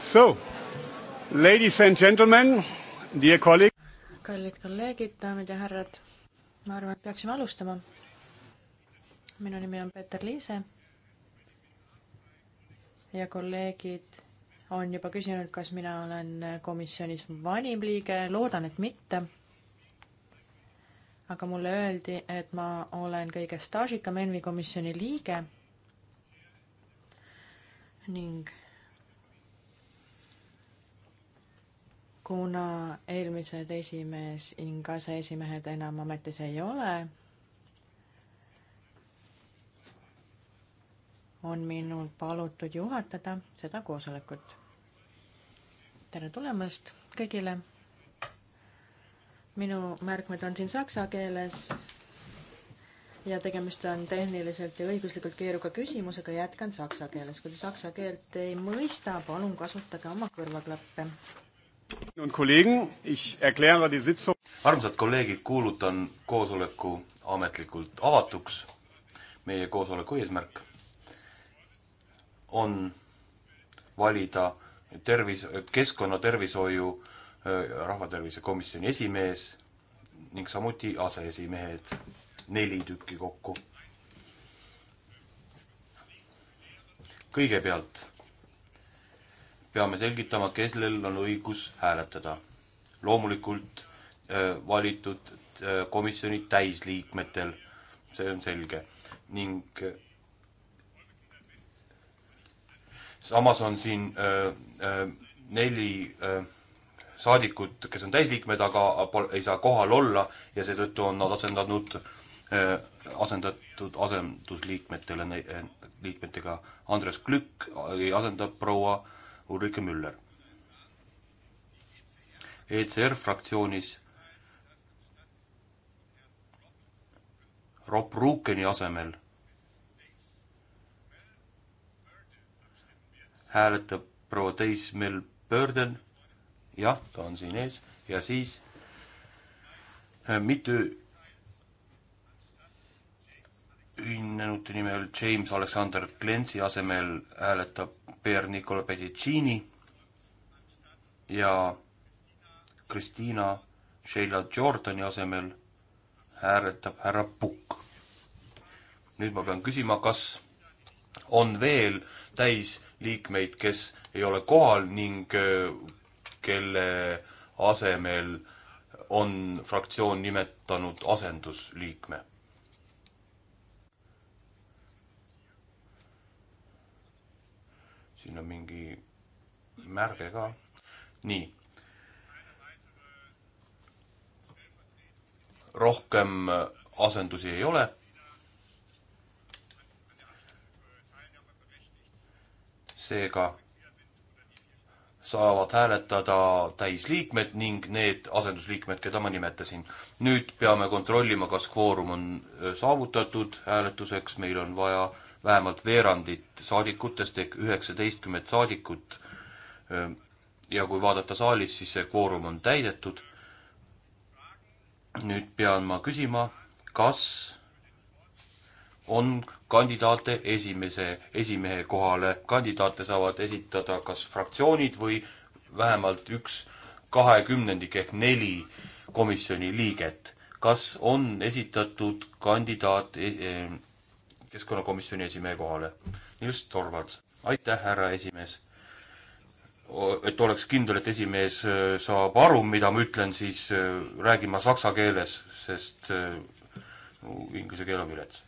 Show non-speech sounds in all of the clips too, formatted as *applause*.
So, ladies and gentlemen, dear colleague. kallid kolleegid, daamid ja härrad, ma arvan, et peaksime alustama. minu nimi on Peeter Liise. ja kolleegid on juba küsinud, kas mina olen komisjonis vanim liige, loodan, et mitte. aga mulle öeldi, et ma olen kõige staažikam ENVI komisjoni liige ning kuna eelmised esimees ning aseesimehed enam ametis ei ole, on minul palutud juhatada seda koosolekut. tere tulemast kõigile. minu märkmed on siin saksa keeles ja tegemist on tehniliselt ja õiguslikult keeruka küsimusega, jätkan saksa keeles. kui te saksa keelt ei mõista, palun kasutage oma kõrvaklappe armsad kolleegid, kuulutan koosoleku ametlikult avatuks. meie koosoleku eesmärk on valida tervis, keskkonnatervishoiu äh, rahvatervise komisjoni esimees ning samuti aseesimehed, neli tükki kokku. kõigepealt peame selgitama, kellel on õigus hääletada. loomulikult äh, valitud äh, komisjoni täisliikmetel, see on selge, ning äh, samas on siin öö, öö, neli öö, saadikut, kes on täisliikmed, aga ei saa kohal olla ja seetõttu on nad asendanud, asendatud asendusliikmetele, liikmetega Andres Glück asendab proua Ulrike Müller. ECR fraktsioonis Rob Ruukeni asemel hääletab proua Teis Mel Burden, jah, ta on siin ees, ja siis äh, mitte ühinenute nimel James Alexander Glensi asemel hääletab Pier Nicola Pedicini ja Kristiina Sheila Jordani asemel hääletab härra Pukk. nüüd ma pean küsima, kas on veel täisliikmeid, kes ei ole kohal ning äh, kelle asemel on fraktsioon nimetanud asendusliikme siin on mingi märge ka. nii. rohkem asendusi ei ole. seega saavad hääletada täisliikmed ning need asendusliikmed, keda ma nimetasin. nüüd peame kontrollima, kas kvoorum on äh, saavutatud hääletuseks, meil on vaja äh, vähemalt veerandit saadikutest ehk üheksateistkümmet saadikut. ja kui vaadata saalis, siis see kvoorum on täidetud. nüüd pean ma küsima, kas on kandidaate esimese, esimehe kohale. kandidaate saavad esitada kas fraktsioonid või vähemalt üks kahekümnendik ehk neli komisjoni liiget. kas on esitatud kandidaat eh, keskkonnakomisjoni esimehe kohale. Nils Torvalds, aitäh, härra esimees. et oleks kindel, et esimees äh, saab aru, mida ma ütlen, siis äh, räägin ma saksa keeles, sest äh, no, inglise keel on vilets.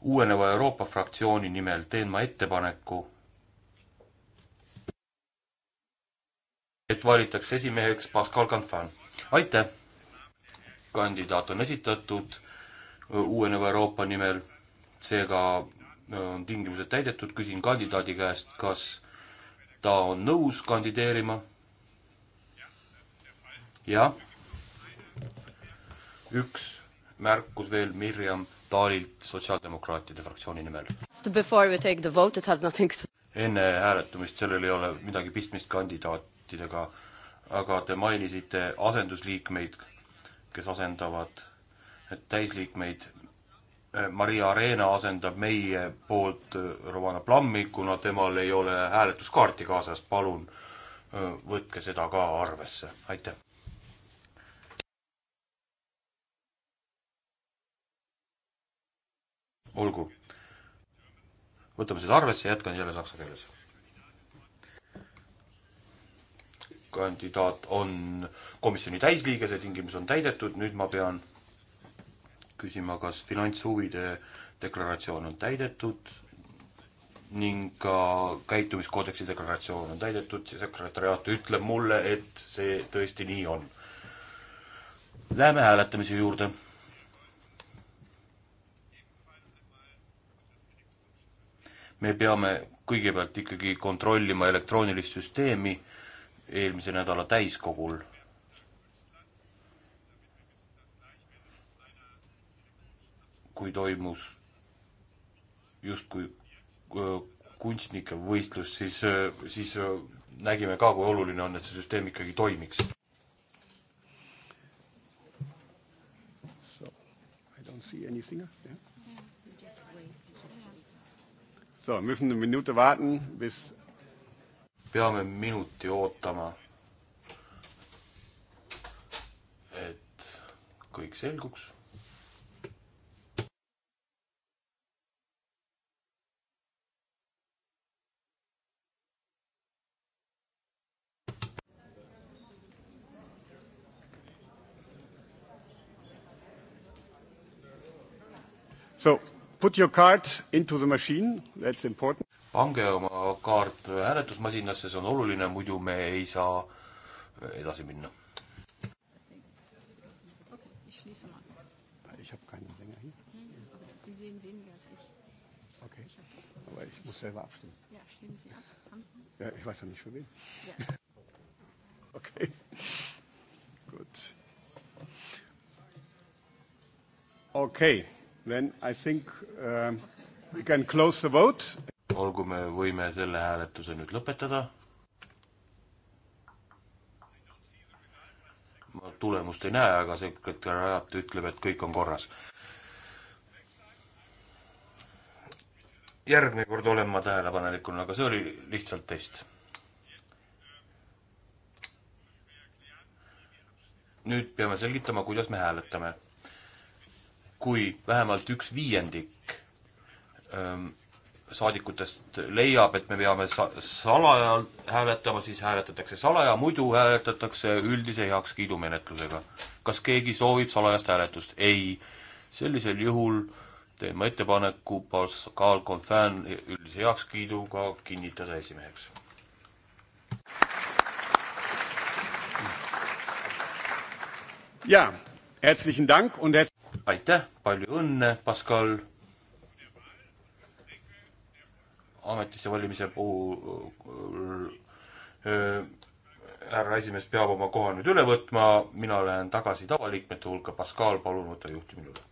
uueneva Euroopa fraktsiooni nimel teen ma ettepaneku, et valitakse esimeheks Pascal Canfan. aitäh! kandidaat on esitatud uueneva Euroopa nimel, seega on tingimused täidetud, küsin kandidaadi käest, kas ta on nõus kandideerima. jah. üks märkus veel Mirjam Taalilt Sotsiaaldemokraatide fraktsiooni nimel. enne hääletamist, sellel ei ole midagi pistmist kandidaatidega, aga te mainisite asendusliikmeid, kes asendavad täisliikmeid. Äh, Maria Arena asendab meie poolt äh, Romana Plammi, kuna temal ei ole hääletuskaarti kaasas, palun äh, võtke seda ka arvesse, aitäh. olgu, võtame seda arvesse, jätkan jälle saksa keeles kandidaat on komisjoni täisliige, see tingimus on täidetud, nüüd ma pean küsima, kas finantshuvide deklaratsioon on täidetud ning ka käitumiskoodeksi deklaratsioon on täidetud, sekretäriaat ütleb mulle, et see tõesti nii on. Läheme hääletamise juurde. me peame kõigepealt ikkagi kontrollima elektroonilist süsteemi eelmise nädala täiskogul kui toimus justkui äh, kunstnike võistlus, siis, äh, siis äh, nägime ka, kui oluline on, et see süsteem ikkagi toimiks. So I don't see anything yeah.. So müssen eine Minute warten bis. peame minuti ootama. et kõik selguks So put your card into the machine, that's important. pange oma kaart hääletusmasinasse, see on oluline, muidu me ei saa eh, edasi minna. Ich habe keinen Sänger hier. Sie sehen weniger als ich. Okay, aber ich muss selber abstimmen. Ja, stimmen Sie ab. Ja, ich weiß ja nicht für wen. Ja. *laughs* Okay, gut. Okay then I think uh, we can close the vote. olgu, me võime selle hääletuse nüüd lõpetada. ma tulemust ei näe, aga sekretäriaat ütleb, et kõik on korras. järgmine kord olen ma tähelepanelikuna, aga see oli lihtsalt test nüüd peame selgitama, kuidas me hääletame kui vähemalt üks viiendik ähm, saadikutest leiab, et me peame sa-, salaja hääletama, siis hääletatakse salaja, muidu hääletatakse üldise heakskiidumenetlusega. kas keegi soovib salajast hääletust? ei. sellisel juhul teen ma ettepaneku Pascal Confin üldise heakskiiduga kinnitada esimeheks. jaa, herzlichen Dank und herz- aitäh, palju õnne, Pascal. ametisse valimise puhul härra esimees peab oma koha nüüd üle võtma, mina lähen tagasi tavaliikmete hulka, Pascal, palun võta juhtimine üle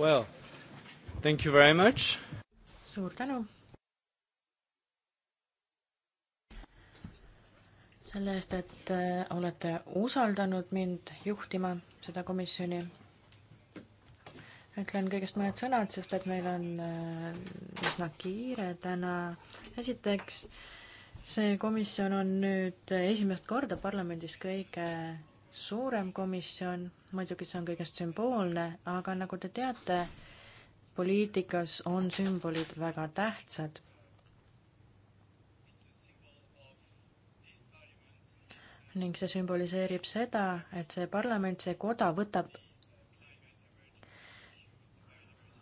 Well, thank you very much. suur tänu. selle eest, et äh, olete usaldanud mind juhtima seda komisjoni. ütlen kõigest mõned sõnad, sest et meil on äh, üsna kiire täna. esiteks, see komisjon on nüüd esimest korda parlamendis kõige suurem komisjon, muidugi see on kõigest sümboolne, aga nagu te teate, poliitikas on sümbolid väga tähtsad. ning see sümboliseerib seda, et see parlament, see koda võtab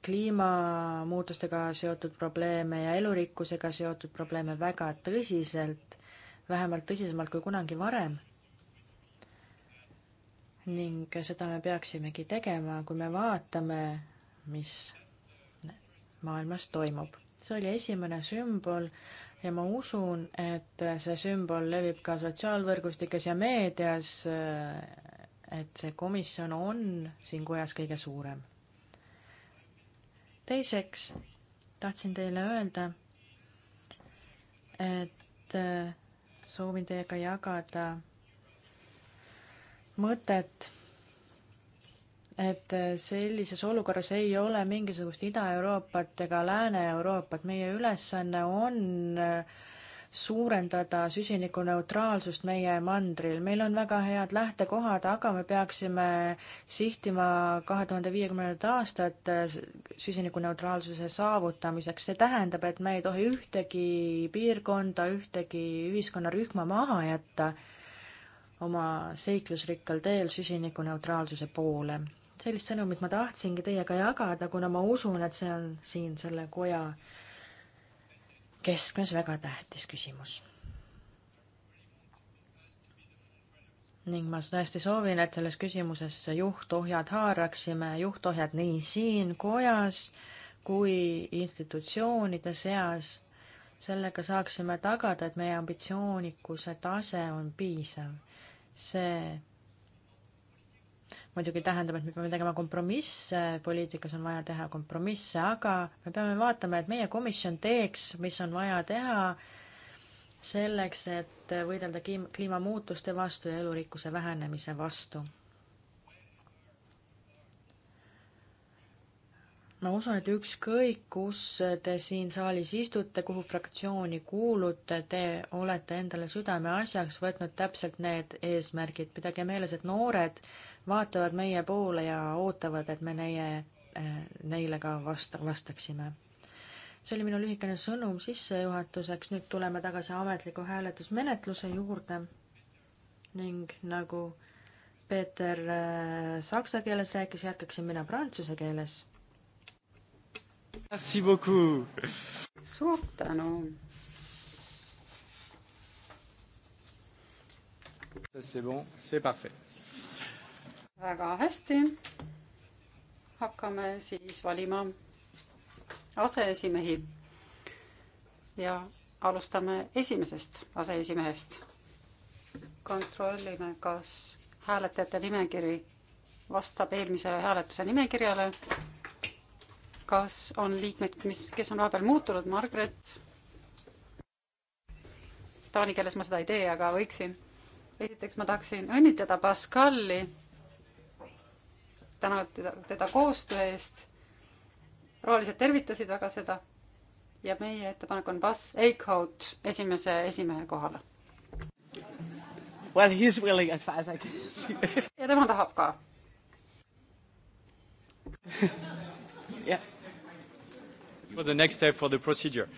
kliimamuutustega seotud probleeme ja elurikkusega seotud probleeme väga tõsiselt, vähemalt tõsisemalt kui kunagi varem ning seda me peaksimegi tegema, kui me vaatame, mis maailmas toimub. see oli esimene sümbol ja ma usun, et see sümbol levib ka sotsiaalvõrgustikes ja meedias, et see komisjon on siin kojas kõige suurem. teiseks tahtsin teile öelda, et soovin teiega jagada mõtet, et sellises olukorras ei ole mingisugust Ida-Euroopat ega Lääne-Euroopat, meie ülesanne on äh, suurendada süsinikuneutraalsust meie mandril. meil on väga head lähtekohad, aga me peaksime sihtima kahe tuhande viiekümnendat aastat äh, süsinikuneutraalsuse saavutamiseks. see tähendab, et me ei tohi ühtegi piirkonda, ühtegi ühiskonnarühma maha jätta oma seiklusrikkal teel süsinikuneutraalsuse poole. sellist sõnumit ma tahtsingi teiega jagada, kuna ma usun, et see on siin selle koja keskmes väga tähtis küsimus. ning ma tõesti soovin, et selles küsimuses juhtohjad haaraksime, juhtohjad nii siin kojas kui institutsioonide seas, sellega saaksime tagada, et meie ambitsioonikus, see tase on piisav see muidugi tähendab, et me peame tegema kompromisse, poliitikas on vaja teha kompromisse, aga me peame vaatama, et meie komisjon teeks, mis on vaja teha selleks, et võidelda kliimamuutuste vastu ja elurikkuse vähenemise vastu ma usun, et ükskõik, kus te siin saalis istute, kuhu fraktsiooni kuulute, te olete endale südameasjaks võtnud täpselt need eesmärgid. pidage meeles, et noored vaatavad meie poole ja ootavad, et me neie, eh, neile ka vasta, vastaksime. see oli minu lühikene sõnum sissejuhatuseks, nüüd tuleme tagasi ametliku hääletusmenetluse juurde ning nagu Peeter eh, saksa keeles rääkis, jätkaksin mina prantsuse keeles suur tänu. väga hästi. hakkame siis valima aseesimehi. ja alustame esimesest aseesimehest. kontrollime, kas hääletajate nimekiri vastab eelmisele hääletuse nimekirjale kas on liikmed, mis, kes on vahepeal muutunud, Margaret? taani keeles ma seda ei tee, aga võiksin. esiteks ma tahaksin õnnitleda Pascali, tänavad teda, teda koostöö eest. rohelised tervitasid väga seda ja meie ettepanek on Buzz Eichhout esimese esimehe kohale. Well, he's willing as far as I can see. ja tema tahab ka *laughs* yeah for the next step for the procedure.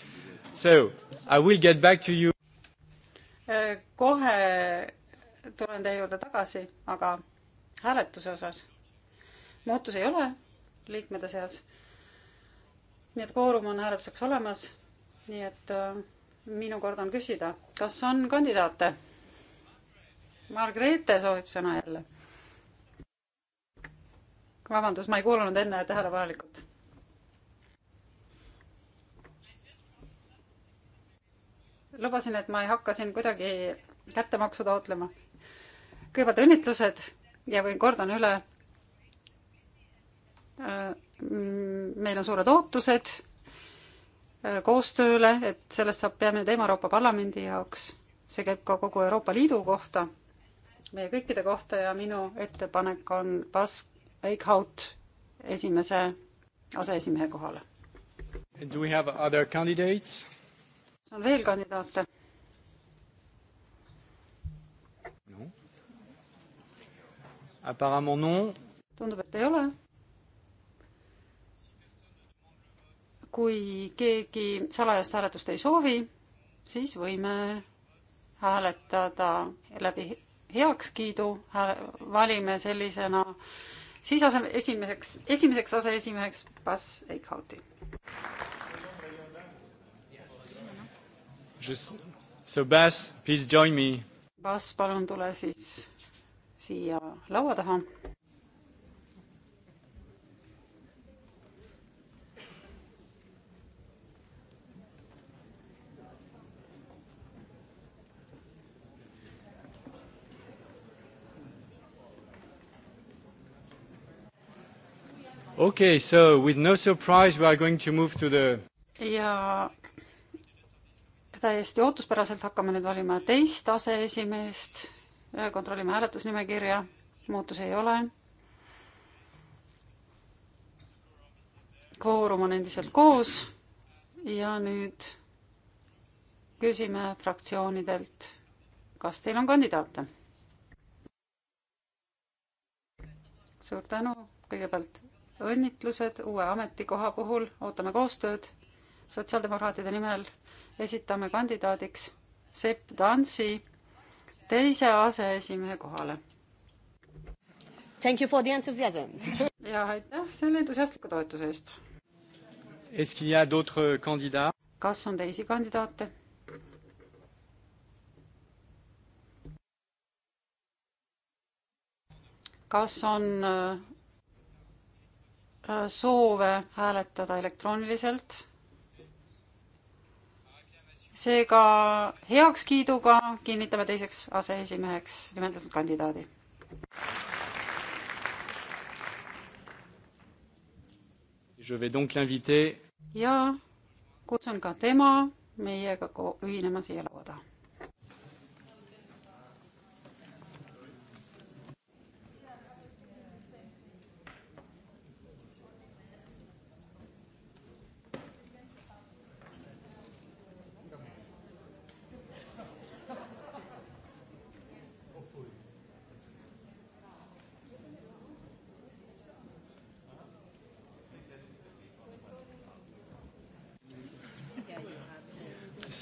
So I will get back to you. Äh, kohe tulen teie juurde tagasi, aga hääletuse osas muutusi ei ole liikmete seas. nii et kvoorum on hääletuseks olemas. nii et äh, minu kord on küsida, kas on kandidaate? Margreete soovib sõna jälle. vabandust, ma ei kuulanud enne tähelepanelikult lubasin, et ma ei hakka siin kuidagi kättemaksu taotlema. kõigepealt õnnitlused ja võin, kordan üle. meil on suured ootused äh, koostööle, et sellest saab peamine teema Euroopa Parlamendi jaoks. see käib ka kogu Euroopa Liidu kohta, meie kõikide kohta ja minu ettepanek on Bask Eichhaut esimese aseesimehe kohale. Do we have other candidates? kas on veel kandidaate? Apparemment non. tundub, et ei ole. kui keegi salajast hääletust ei soovi, siis võime hääletada läbi heakskiidu, valime sellisena siis asem-, esimeseks, esimeseks aseesimeheks Buzz Eichhauti Just, so Bas, please join me. Bas, palun tule siis siia laua taha. Okay, so with no surprise, we are going to move to the ja täiesti ootuspäraselt hakkame nüüd valima teist aseesimeest, kontrollime hääletusnimekirja, muutusi ei ole. kvoorum on endiselt koos ja nüüd küsime fraktsioonidelt, kas teil on kandidaate? suur tänu, kõigepealt õnnitlused uue ametikoha puhul, ootame koostööd sotsiaaldemokraatide nimel esitame kandidaadiks Sepp Tansi teise aseesimehe kohale. Thank you for the enthusiasm *laughs* ja aitäh selle entusiastliku toetuse eest. Est-ce qu'il y a d'autres candidats? kas on teisi kandidaate? kas on äh, äh, soove hääletada elektrooniliselt? seega heakskiiduga kinnitame teiseks aseesimeheks nimetatud kandidaadi. ja kutsun ka tema meiega ühinema siia laua taha.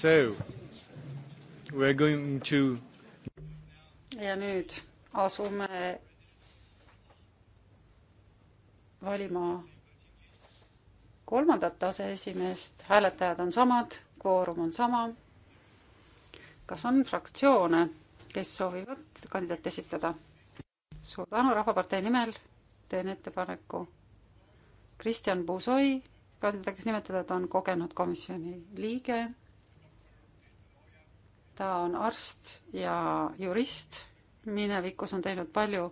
So we're going to ja nüüd asume valima kolmandat aseesimeest, hääletajad on samad, kvoorum on sama. kas on fraktsioone, kes soovivad kandidaate esitada? suur tänu, Rahvapartei nimel teen ettepaneku Kristjan Puusoi kandidaadiks nimetada, ta on kogenud komisjoni liige ta on arst ja jurist, minevikus on teinud palju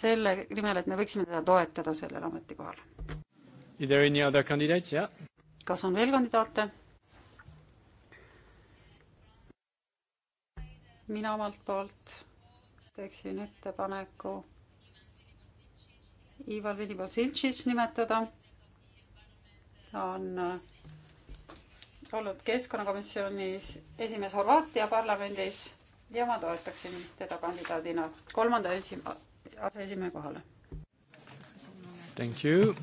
selle nimel, et me võiksime teda toetada sellel ametikohal. Yeah. kas on veel kandidaate? mina omalt poolt teeksin ettepaneku Ivar Vilibov-Siltšis nimetada. ta on äh, olnud keskkonnakomisjonis esimees Horvaatia parlamendis ja ma toetaksin teda kandidaadina kolmanda esi-, aseesimehe kohale. Thank you.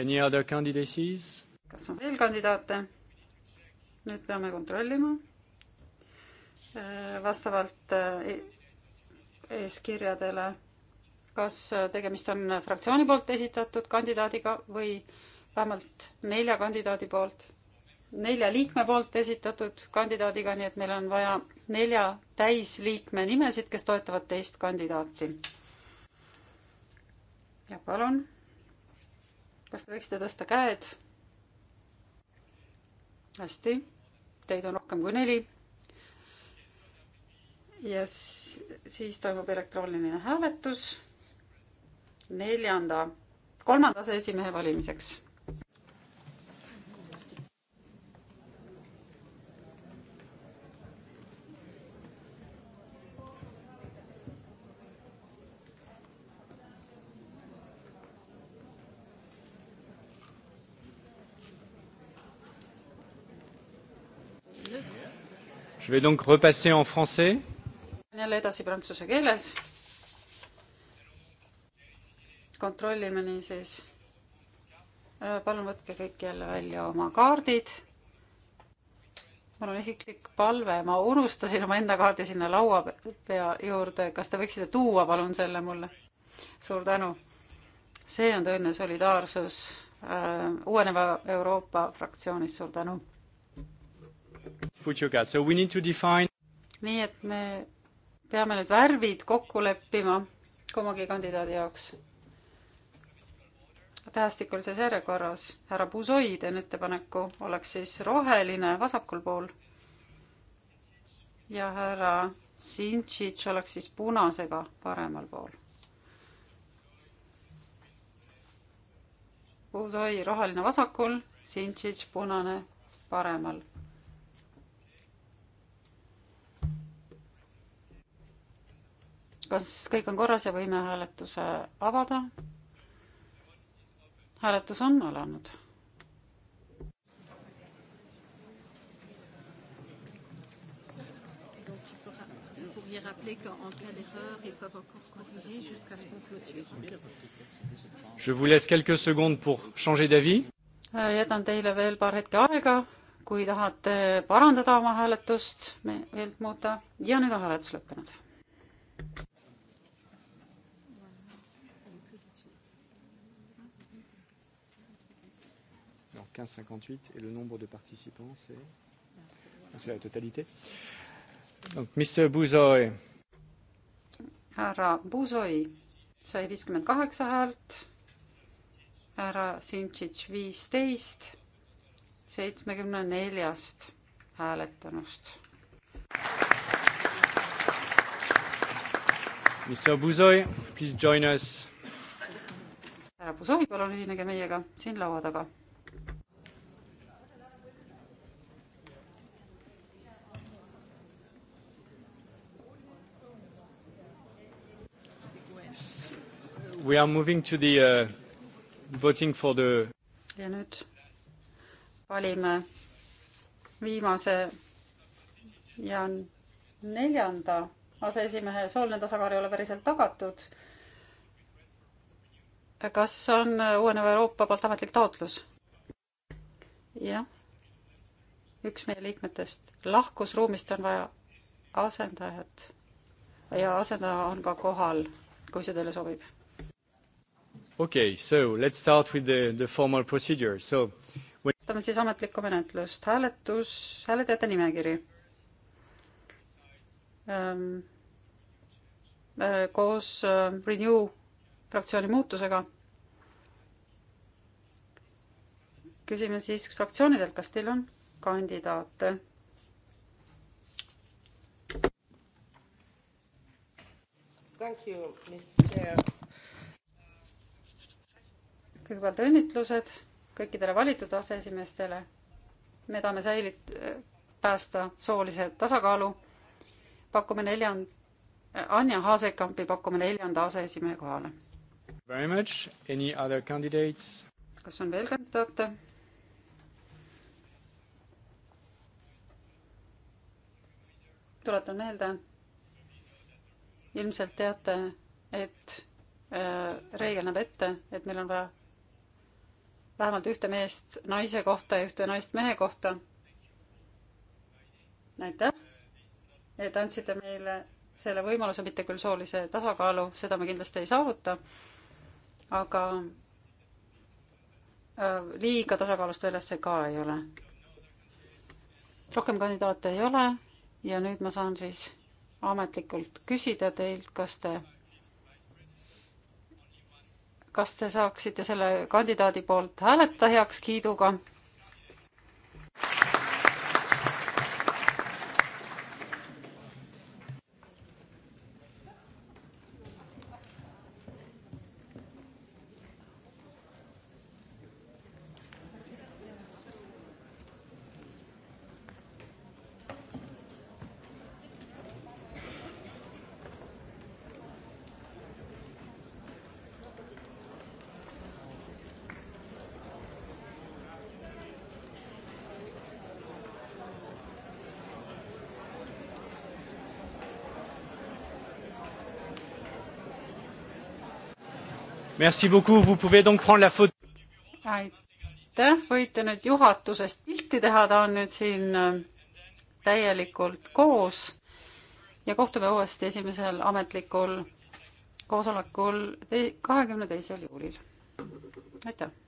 Any other candidacies? kas on veel kandidaate? nüüd peame kontrollima. Äh, vastavalt äh, e-, eeskirjadele, kas äh, tegemist on fraktsiooni poolt esitatud kandidaadiga või vähemalt nelja kandidaadi poolt nelja liikme poolt esitatud kandidaadiga, nii et meil on vaja nelja täisliikme nimesid, kes toetavad teist kandidaati. ja palun, kas te võiksite tõsta käed? hästi, teid on rohkem kui neli. ja siis toimub elektrooniline hääletus neljanda, kolmanda aseesimehe valimiseks Je vais donc repasser en français. jälle edasi prantsuse keeles. kontrollime niisiis. Äh, palun võtke kõik jälle välja oma kaardid. mul on isiklik palve, ma unustasin oma enda kaardi sinna laua pea juurde, kas te võiksite tuua palun selle mulle? suur tänu. see on tõeline solidaarsus äh, uueneva Euroopa fraktsioonis, suur tänu nii et me peame nüüd värvid kokku leppima kummagi kandidaadi jaoks. tähestikulises järjekorras härra Buzoi teen ettepaneku, oleks siis roheline vasakul pool ja härra Sintšitš oleks siis punasega paremal pool. Buzoi roheline vasakul, Sintšitš punane paremal kas kõik on korras ja võime hääletuse avada? hääletus on alanud. y rappeler qu'en cas d'erreur, ils peuvent encore corriger jusqu'à ce qu'on clôture. Je vous laisse quelques secondes pour changer d'avis. Äh, jätan teile veel paar hetke aega, kui tahate parandada oma hääletust, meelt muuta ja nüüd on hääletus lõppenud. 1558 et le nombre de participants, c'est c'est la totalité. Donc, Mr Buzoi. härra Buzoi sai viiskümmend kaheksa häält, härra Simtšitš viisteist seitsmekümne neljast hääletanust. Mr Buzoi, please join us. härra Buzoi, palun ühinege meiega siin laua taga We are moving to the uh, voting for the ja nüüd valime viimase ja neljanda aseesimehe sooline tasakaal ei ole päriselt tagatud. kas on uueneva Euroopa poolt ametlik taotlus? jah. üks meie liikmetest lahkus ruumist, on vaja asendajat ja asendaja on ka kohal, kui see teile sobib okei okay,, so let's start with the, the formal procedure, so when.... võtame siis ametlikku menetlust, hääletus, hääletajate nimekiri ähm,. koos äh, Renew fraktsiooni muutusega. küsime siis fraktsioonidelt, kas teil on kandidaate Thank you, Mr. Chair kõigepealt õnnitlused kõikidele valitud aseesimeestele. me tahame säilit-, päästa soolise tasakaalu. pakume neljand-, Anja Haasekampi pakume neljanda aseesimehe kohale. kas on veel kandidaate? tuletan meelde, ilmselt teate, et äh, reegel näeb ette, et meil on vaja vähemalt ühte meest naise kohta ja ühte naist mehe kohta. aitäh, et andsite meile selle võimaluse, mitte küll soolise tasakaalu, seda me kindlasti ei saavuta, aga äh, liiga tasakaalust väljas see ka ei ole. rohkem kandidaate ei ole ja nüüd ma saan siis ametlikult küsida teilt, kas te kas te saaksite selle kandidaadi poolt hääleta heakskiiduga? Merci beaucoup, vous pouvez donc prendre la photo. aitäh, võite nüüd juhatusest pilti teha, ta on nüüd siin äh, täielikult koos ja kohtume uuesti esimesel ametlikul koosolekul kahekümne teisel juulil. aitäh!